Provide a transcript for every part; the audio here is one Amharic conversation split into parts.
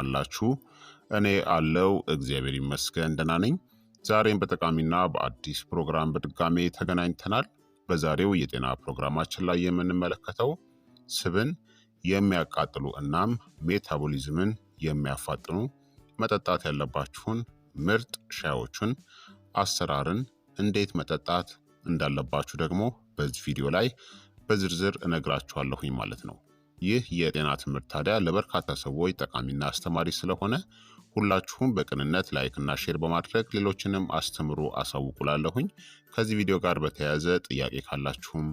አላችሁ? እኔ አለው እግዚአብሔር ይመስገን ደህና ነኝ። ዛሬም በጠቃሚና በአዲስ ፕሮግራም በድጋሜ ተገናኝተናል። በዛሬው የጤና ፕሮግራማችን ላይ የምንመለከተው ስብን የሚያቃጥሉ እናም ሜታቦሊዝምን የሚያፋጥኑ መጠጣት ያለባችሁን ምርጥ ሻዮቹን አሰራርን፣ እንዴት መጠጣት እንዳለባችሁ ደግሞ በዚህ ቪዲዮ ላይ በዝርዝር እነግራችኋለሁኝ ማለት ነው። ይህ የጤና ትምህርት ታዲያ ለበርካታ ሰዎች ጠቃሚና አስተማሪ ስለሆነ ሁላችሁም በቅንነት ላይክና ሼር በማድረግ ሌሎችንም አስተምሩ አሳውቁላለሁኝ። ከዚህ ቪዲዮ ጋር በተያያዘ ጥያቄ ካላችሁም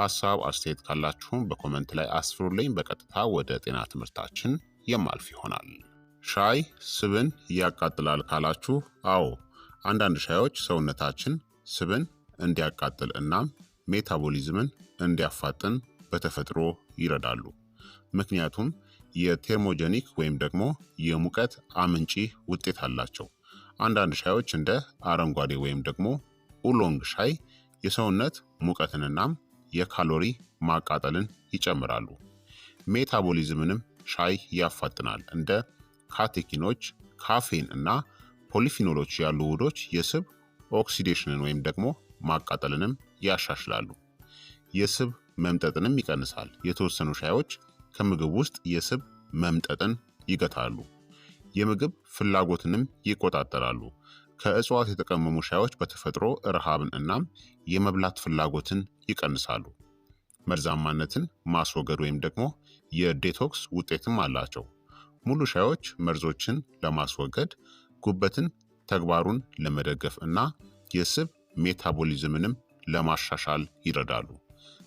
ሀሳብ አስተያየት ካላችሁም በኮመንት ላይ አስፍሩልኝ። በቀጥታ ወደ ጤና ትምህርታችን የማልፍ ይሆናል። ሻይ ስብን ያቃጥላል ካላችሁ፣ አዎ አንዳንድ ሻዮች ሰውነታችን ስብን እንዲያቃጥል እናም ሜታቦሊዝምን እንዲያፋጥን በተፈጥሮ ይረዳሉ። ምክንያቱም የቴርሞጀኒክ ወይም ደግሞ የሙቀት አመንጪ ውጤት አላቸው። አንዳንድ ሻዮች እንደ አረንጓዴ ወይም ደግሞ ኡሎንግ ሻይ የሰውነት ሙቀትንናም የካሎሪ ማቃጠልን ይጨምራሉ። ሜታቦሊዝምንም ሻይ ያፋጥናል። እንደ ካቴኪኖች፣ ካፌን እና ፖሊፊኖሎች ያሉ ውህዶች የስብ ኦክሲዴሽንን ወይም ደግሞ ማቃጠልንም ያሻሽላሉ። የስብ መምጠጥንም ይቀንሳል። የተወሰኑ ሻዮች ከምግብ ውስጥ የስብ መምጠጥን ይገታሉ፣ የምግብ ፍላጎትንም ይቆጣጠራሉ። ከእጽዋት የተቀመሙ ሻዮች በተፈጥሮ ረሃብን እናም የመብላት ፍላጎትን ይቀንሳሉ። መርዛማነትን ማስወገድ ወይም ደግሞ የዴቶክስ ውጤትም አላቸው። ሙሉ ሻዮች መርዞችን ለማስወገድ ጉበትን ተግባሩን ለመደገፍ እና የስብ ሜታቦሊዝምንም ለማሻሻል ይረዳሉ።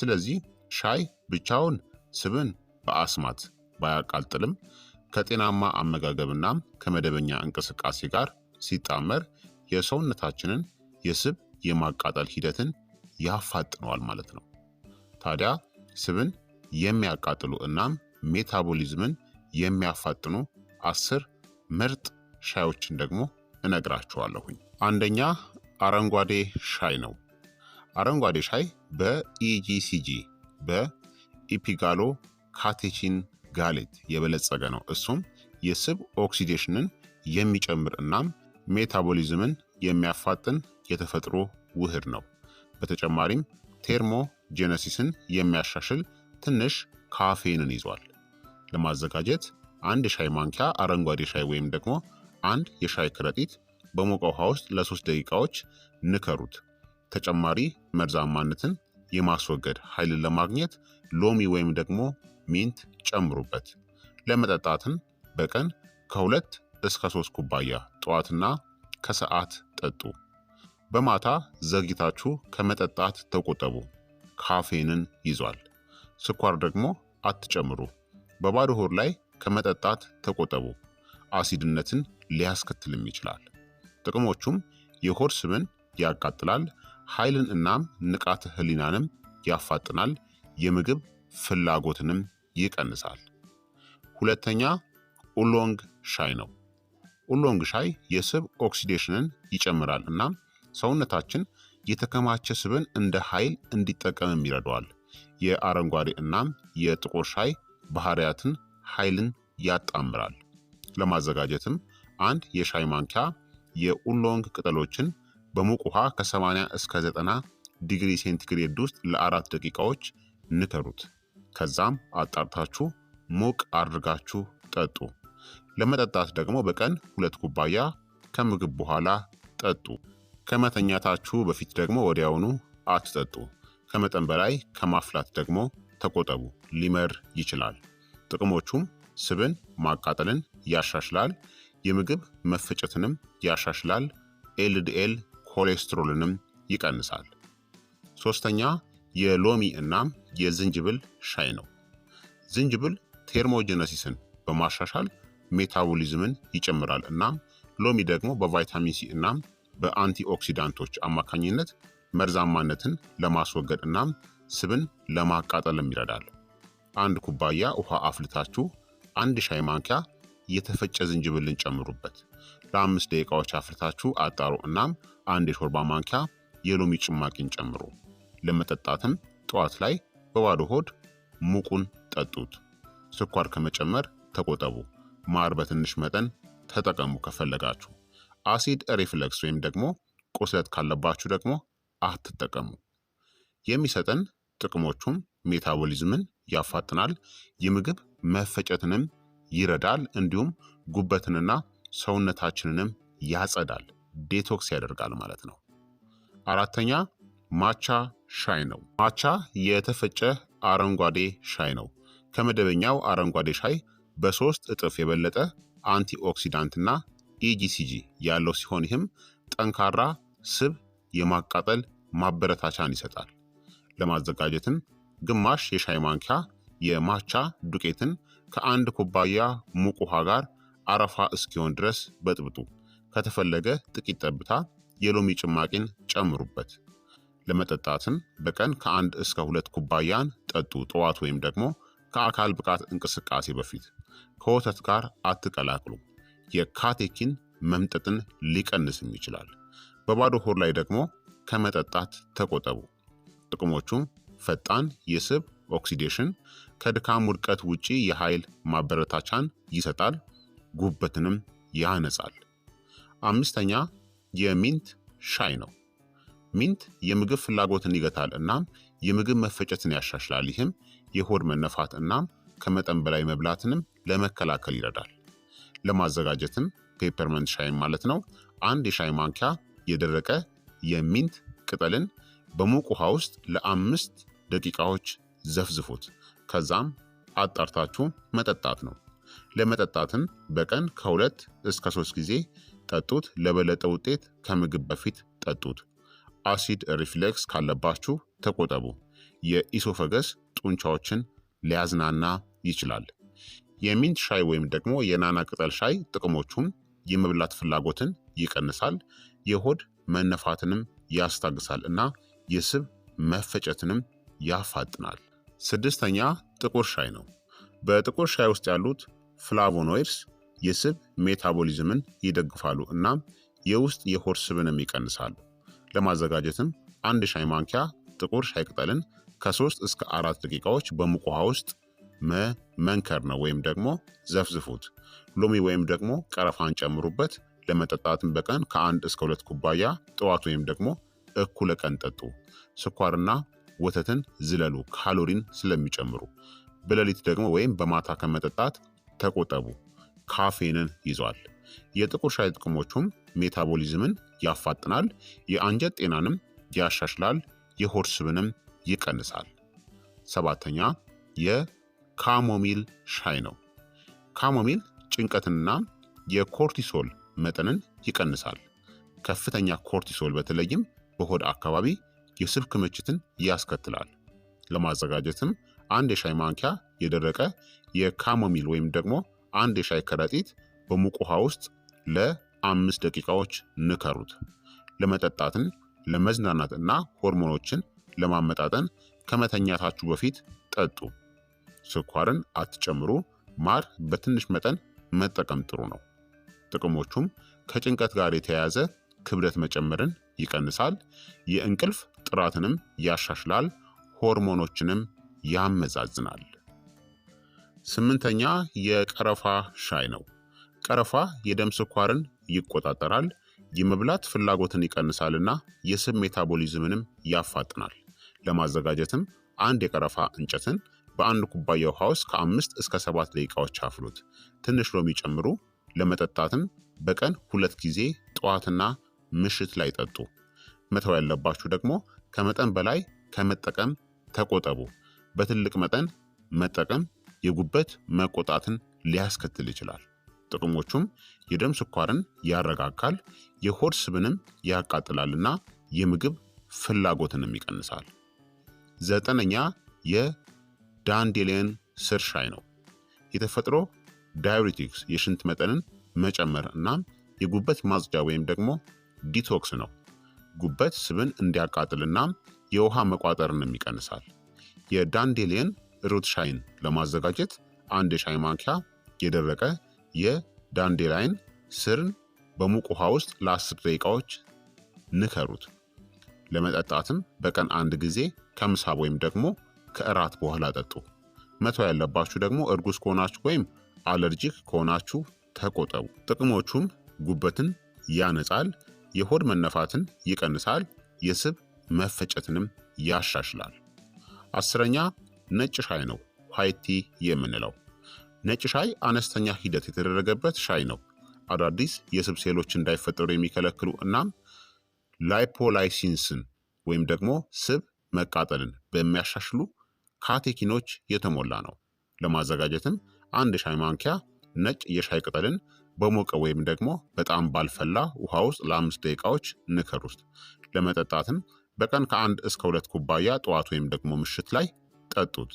ስለዚህ ሻይ ብቻውን ስብን በአስማት ባያቃጥልም ከጤናማ አመጋገብና ከመደበኛ እንቅስቃሴ ጋር ሲጣመር የሰውነታችንን የስብ የማቃጠል ሂደትን ያፋጥነዋል ማለት ነው። ታዲያ ስብን የሚያቃጥሉ እናም ሜታቦሊዝምን የሚያፋጥኑ አስር ምርጥ ሻዮችን ደግሞ እነግራችኋለሁኝ። አንደኛ አረንጓዴ ሻይ ነው። አረንጓዴ ሻይ በኢጂሲጂ በኢፒጋሎ ካቴቺን ጋሌት የበለጸገ ነው። እሱም የስብ ኦክሲዴሽንን የሚጨምር እናም ሜታቦሊዝምን የሚያፋጥን የተፈጥሮ ውህድ ነው። በተጨማሪም ቴርሞ ጄነሲስን የሚያሻሽል ትንሽ ካፌንን ይዟል። ለማዘጋጀት አንድ የሻይ ማንኪያ አረንጓዴ ሻይ ወይም ደግሞ አንድ የሻይ ከረጢት በሞቀ ውሃ ውስጥ ለሶስት ደቂቃዎች ንከሩት። ተጨማሪ መርዛማነትን የማስወገድ ኃይልን ለማግኘት ሎሚ ወይም ደግሞ ሚንት ጨምሩበት። ለመጠጣትን በቀን ከሁለት እስከ ሶስት ኩባያ ጠዋትና ከሰዓት ጠጡ። በማታ ዘግይታችሁ ከመጠጣት ተቆጠቡ፣ ካፌንን ይዟል። ስኳር ደግሞ አትጨምሩ። በባዶ ሆድ ላይ ከመጠጣት ተቆጠቡ፣ አሲድነትን ሊያስከትልም ይችላል። ጥቅሞቹም የሆድ ስብን ያቃጥላል፣ ኃይልን እናም ንቃተ ህሊናንም ያፋጥናል። የምግብ ፍላጎትንም ይቀንሳል። ሁለተኛ ኡሎንግ ሻይ ነው። ኡሎንግ ሻይ የስብ ኦክሲዴሽንን ይጨምራል እናም ሰውነታችን የተከማቸ ስብን እንደ ኃይል እንዲጠቀምም ይረዳዋል። የአረንጓዴ እናም የጥቁር ሻይ ባህሪያትን ኃይልን ያጣምራል። ለማዘጋጀትም አንድ የሻይ ማንኪያ የኡሎንግ ቅጠሎችን በሙቅ ውሃ ከ80 እስከ 90 ዲግሪ ሴንቲግሬድ ውስጥ ለአራት ደቂቃዎች ንከሩት። ከዛም አጣርታችሁ ሙቅ አድርጋችሁ ጠጡ። ለመጠጣት ደግሞ በቀን ሁለት ኩባያ ከምግብ በኋላ ጠጡ። ከመተኛታችሁ በፊት ደግሞ ወዲያውኑ አትጠጡ። ከመጠን በላይ ከማፍላት ደግሞ ተቆጠቡ፣ ሊመር ይችላል። ጥቅሞቹም ስብን ማቃጠልን ያሻሽላል፣ የምግብ መፈጨትንም ያሻሽላል፣ ኤልዲኤል ኮሌስትሮልንም ይቀንሳል። ሶስተኛ የሎሚ እናም የዝንጅብል ሻይ ነው። ዝንጅብል ቴርሞጀነሲስን በማሻሻል ሜታቦሊዝምን ይጨምራል። እናም ሎሚ ደግሞ በቫይታሚን ሲ እናም በአንቲኦክሲዳንቶች አማካኝነት መርዛማነትን ለማስወገድ እናም ስብን ለማቃጠልም ይረዳል። አንድ ኩባያ ውሃ አፍልታችሁ አንድ ሻይ ማንኪያ የተፈጨ ዝንጅብልን ጨምሩበት። ለአምስት ደቂቃዎች አፍርታችሁ አጣሩ። እናም አንድ የሾርባ ማንኪያ የሎሚ ጭማቂን ጨምሩ። ለመጠጣትም ጠዋት ላይ በባዶ ሆድ ሙቁን ጠጡት። ስኳር ከመጨመር ተቆጠቡ። ማር በትንሽ መጠን ተጠቀሙ ከፈለጋችሁ። አሲድ ሪፍለክስ ወይም ደግሞ ቁስለት ካለባችሁ ደግሞ አትጠቀሙ። የሚሰጠን ጥቅሞቹም ሜታቦሊዝምን ያፋጥናል፣ የምግብ መፈጨትንም ይረዳል፣ እንዲሁም ጉበትንና ሰውነታችንንም ያጸዳል፣ ዴቶክስ ያደርጋል ማለት ነው። አራተኛ ማቻ ሻይ ነው። ማቻ የተፈጨ አረንጓዴ ሻይ ነው። ከመደበኛው አረንጓዴ ሻይ በሶስት እጥፍ የበለጠ አንቲኦክሲዳንትና ኢጂሲጂ ያለው ሲሆን ይህም ጠንካራ ስብ የማቃጠል ማበረታቻን ይሰጣል። ለማዘጋጀትም ግማሽ የሻይ ማንኪያ የማቻ ዱቄትን ከአንድ ኩባያ ሙቅ ውሃ ጋር አረፋ እስኪሆን ድረስ በጥብጡ። ከተፈለገ ጥቂት ጠብታ የሎሚ ጭማቂን ጨምሩበት። ለመጠጣትም በቀን ከአንድ እስከ ሁለት ኩባያን ጠጡ። ጠዋት ወይም ደግሞ ከአካል ብቃት እንቅስቃሴ በፊት ከወተት ጋር አትቀላቅሉ። የካቴኪን መምጠጥን ሊቀንስም ይችላል። በባዶ ሆድ ላይ ደግሞ ከመጠጣት ተቆጠቡ። ጥቅሞቹም ፈጣን የስብ ኦክሲዴሽን፣ ከድካም ውድቀት ውጪ የኃይል ማበረታቻን ይሰጣል። ጉበትንም ያነጻል። አምስተኛ የሚንት ሻይ ነው። ሚንት የምግብ ፍላጎትን ይገታል እናም የምግብ መፈጨትን ያሻሽላል። ይህም የሆድ መነፋት እናም ከመጠን በላይ መብላትንም ለመከላከል ይረዳል። ለማዘጋጀትም ፔፐርመንት ሻይ ማለት ነው። አንድ የሻይ ማንኪያ የደረቀ የሚንት ቅጠልን በሙቅ ውሃ ውስጥ ለአምስት ደቂቃዎች ዘፍዝፉት። ከዛም አጣርታችሁ መጠጣት ነው። ለመጠጣትም በቀን ከሁለት እስከ ሶስት ጊዜ ጠጡት። ለበለጠ ውጤት ከምግብ በፊት ጠጡት። አሲድ ሪፍሌክስ ካለባችሁ ተቆጠቡ። የኢሶፈገስ ጡንቻዎችን ሊያዝናና ይችላል። የሚንት ሻይ ወይም ደግሞ የናና ቅጠል ሻይ ጥቅሞቹም የመብላት ፍላጎትን ይቀንሳል፣ የሆድ መነፋትንም ያስታግሳል እና የስብ መፈጨትንም ያፋጥናል። ስድስተኛ ጥቁር ሻይ ነው። በጥቁር ሻይ ውስጥ ያሉት ፍላቮኖይድስ የስብ ሜታቦሊዝምን ይደግፋሉ እናም የውስጥ የሆድ ስብንም ይቀንሳሉ። ለማዘጋጀትም አንድ ሻይ ማንኪያ ጥቁር ሻይ ቅጠልን ከሶስት እስከ አራት ደቂቃዎች በሙቅ ውሃ ውስጥ መንከር ነው ወይም ደግሞ ዘፍዝፉት። ሎሚ ወይም ደግሞ ቀረፋን ጨምሩበት። ለመጠጣትም በቀን ከአንድ እስከ ሁለት ኩባያ ጠዋት ወይም ደግሞ እኩለ ቀን ጠጡ። ስኳርና ወተትን ዝለሉ ካሎሪን ስለሚጨምሩ። በሌሊት ደግሞ ወይም በማታ ከመጠጣት ተቆጠቡ ካፌንን ይዟል። የጥቁር ሻይ ጥቅሞቹም ሜታቦሊዝምን ያፋጥናል፣ የአንጀት ጤናንም ያሻሽላል፣ የሆድ ስብንም ይቀንሳል። ሰባተኛ የካሞሚል ሻይ ነው። ካሞሚል ጭንቀትንና የኮርቲሶል መጠንን ይቀንሳል። ከፍተኛ ኮርቲሶል በተለይም በሆድ አካባቢ የስብ ክምችትን ያስከትላል። ለማዘጋጀትም አንድ የሻይ ማንኪያ የደረቀ የካሞሚል ወይም ደግሞ አንድ የሻይ ከረጢት በሙቅ ውሃ ውስጥ ለአምስት ደቂቃዎች ንከሩት። ለመጠጣትን፣ ለመዝናናት እና ሆርሞኖችን ለማመጣጠን ከመተኛታችሁ በፊት ጠጡ። ስኳርን አትጨምሩ። ማር በትንሽ መጠን መጠቀም ጥሩ ነው። ጥቅሞቹም ከጭንቀት ጋር የተያያዘ ክብደት መጨመርን ይቀንሳል፣ የእንቅልፍ ጥራትንም ያሻሽላል፣ ሆርሞኖችንም ያመዛዝናል። ስምንተኛ የቀረፋ ሻይ ነው። ቀረፋ የደም ስኳርን ይቆጣጠራል፣ የመብላት ፍላጎትን ይቀንሳልና የስብ ሜታቦሊዝምንም ያፋጥናል። ለማዘጋጀትም አንድ የቀረፋ እንጨትን በአንድ ኩባያ ውሃ ውስጥ ከአምስት እስከ ሰባት ደቂቃዎች አፍሉት። ትንሽ ሎሚ ጨምሩ። ለመጠጣትም በቀን ሁለት ጊዜ ጠዋትና ምሽት ላይ ጠጡ። መተው ያለባችሁ ደግሞ ከመጠን በላይ ከመጠቀም ተቆጠቡ። በትልቅ መጠን መጠቀም የጉበት መቆጣትን ሊያስከትል ይችላል። ጥቅሞቹም የደም ስኳርን ያረጋጋል፣ የሆድ ስብንም ያቃጥላልና የምግብ ፍላጎትንም ይቀንሳል። ዘጠነኛ የዳንዴሌን ስር ሻይ ነው። የተፈጥሮ ዳዩሪቲክስ የሽንት መጠንን መጨመር እናም የጉበት ማጽጃ ወይም ደግሞ ዲቶክስ ነው። ጉበት ስብን እንዲያቃጥል የውሃ መቋጠርንም ይቀንሳል። የዳንዴሌን ሩት ሻይን ለማዘጋጀት አንድ የሻይ ማንኪያ የደረቀ የዳንዴላይን ስርን በሙቅ ውሃ ውስጥ ለአስር ደቂቃዎች ንከሩት። ለመጠጣትም በቀን አንድ ጊዜ ከምሳ ወይም ደግሞ ከእራት በኋላ ጠጡ። መተው ያለባችሁ ደግሞ እርጉዝ ከሆናችሁ ወይም አለርጂክ ከሆናችሁ ተቆጠቡ። ጥቅሞቹም ጉበትን ያነጻል፣ የሆድ መነፋትን ይቀንሳል፣ የስብ መፈጨትንም ያሻሽላል። አስረኛ ነጭ ሻይ ነው ሃይቲ የምንለው። ነጭ ሻይ አነስተኛ ሂደት የተደረገበት ሻይ ነው። አዳዲስ የስብ ሴሎች እንዳይፈጠሩ የሚከለክሉ እናም ላይፖላይሲንስን ወይም ደግሞ ስብ መቃጠልን በሚያሻሽሉ ካቴኪኖች የተሞላ ነው። ለማዘጋጀትም አንድ ሻይ ማንኪያ ነጭ የሻይ ቅጠልን በሞቀ ወይም ደግሞ በጣም ባልፈላ ውሃ ውስጥ ለአምስት ደቂቃዎች ንከር ውስጥ ለመጠጣትም በቀን ከአንድ እስከ ሁለት ኩባያ ጠዋት ወይም ደግሞ ምሽት ላይ ጠጡት።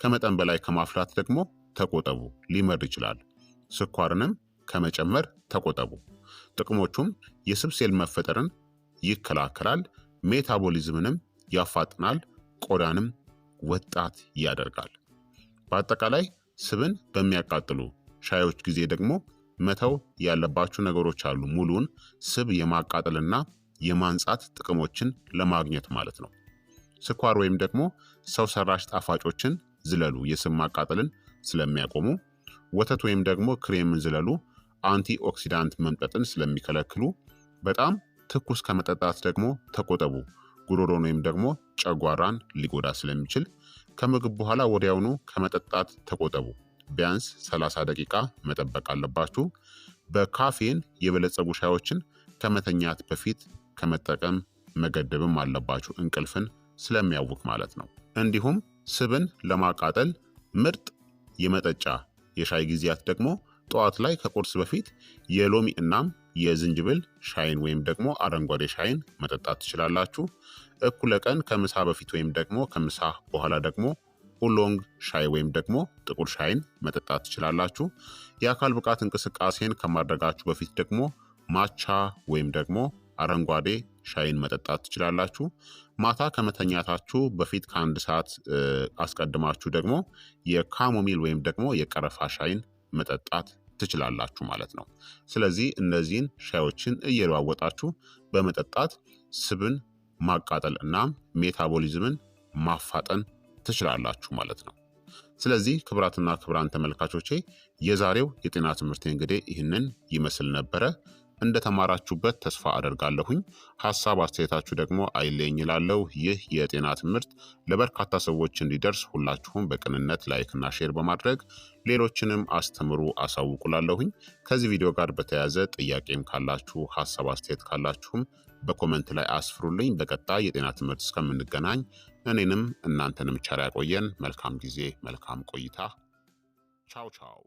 ከመጠን በላይ ከማፍላት ደግሞ ተቆጠቡ፣ ሊመር ይችላል። ስኳርንም ከመጨመር ተቆጠቡ። ጥቅሞቹም የስብ ሴል መፈጠርን ይከላከላል፣ ሜታቦሊዝምንም ያፋጥናል፣ ቆዳንም ወጣት ያደርጋል። በአጠቃላይ ስብን በሚያቃጥሉ ሻዮች ጊዜ ደግሞ መተው ያለባችሁ ነገሮች አሉ። ሙሉን ስብ የማቃጠልና የማንጻት ጥቅሞችን ለማግኘት ማለት ነው። ስኳር ወይም ደግሞ ሰው ሰራሽ ጣፋጮችን ዝለሉ፣ የስብ ማቃጠልን ስለሚያቆሙ፣ ወተት ወይም ደግሞ ክሬምን ዝለሉ፣ አንቲ ኦክሲዳንት መምጠጥን ስለሚከለክሉ፣ በጣም ትኩስ ከመጠጣት ደግሞ ተቆጠቡ፣ ጉሮሮን ወይም ደግሞ ጨጓራን ሊጎዳ ስለሚችል፣ ከምግብ በኋላ ወዲያውኑ ከመጠጣት ተቆጠቡ። ቢያንስ 30 ደቂቃ መጠበቅ አለባችሁ። በካፌን የበለጸጉ ሻዮችን ከመተኛት በፊት ከመጠቀም መገደብም አለባችሁ፣ እንቅልፍን ስለሚያውቅ ማለት ነው። እንዲሁም ስብን ለማቃጠል ምርጥ የመጠጫ የሻይ ጊዜያት ደግሞ ጠዋት ላይ ከቁርስ በፊት የሎሚ እናም የዝንጅብል ሻይን ወይም ደግሞ አረንጓዴ ሻይን መጠጣት ትችላላችሁ። እኩለ ቀን ከምሳ በፊት ወይም ደግሞ ከምሳ በኋላ ደግሞ ኡሎንግ ሻይ ወይም ደግሞ ጥቁር ሻይን መጠጣት ትችላላችሁ። የአካል ብቃት እንቅስቃሴን ከማድረጋችሁ በፊት ደግሞ ማቻ ወይም ደግሞ አረንጓዴ ሻይን መጠጣት ትችላላችሁ። ማታ ከመተኛታችሁ በፊት ከአንድ ሰዓት አስቀድማችሁ ደግሞ የካሞሚል ወይም ደግሞ የቀረፋ ሻይን መጠጣት ትችላላችሁ ማለት ነው። ስለዚህ እነዚህን ሻዮችን እየለዋወጣችሁ በመጠጣት ስብን ማቃጠል እናም ሜታቦሊዝምን ማፋጠን ትችላላችሁ ማለት ነው። ስለዚህ ክቡራትና ክቡራን ተመልካቾቼ የዛሬው የጤና ትምህርት እንግዲህ ይህንን ይመስል ነበረ። እንደተማራችሁበት ተስፋ አደርጋለሁኝ። ሀሳብ አስተያየታችሁ ደግሞ አይለኝ ይላለው። ይህ የጤና ትምህርት ለበርካታ ሰዎች እንዲደርስ ሁላችሁም በቅንነት ላይክና ሼር በማድረግ ሌሎችንም አስተምሩ አሳውቁላለሁኝ። ከዚህ ቪዲዮ ጋር በተያያዘ ጥያቄም ካላችሁ ሀሳብ አስተያየት ካላችሁም በኮመንት ላይ አስፍሩልኝ። በቀጣይ የጤና ትምህርት እስከምንገናኝ እኔንም እናንተንም ቸር ያቆየን። መልካም ጊዜ፣ መልካም ቆይታ። ቻው ቻው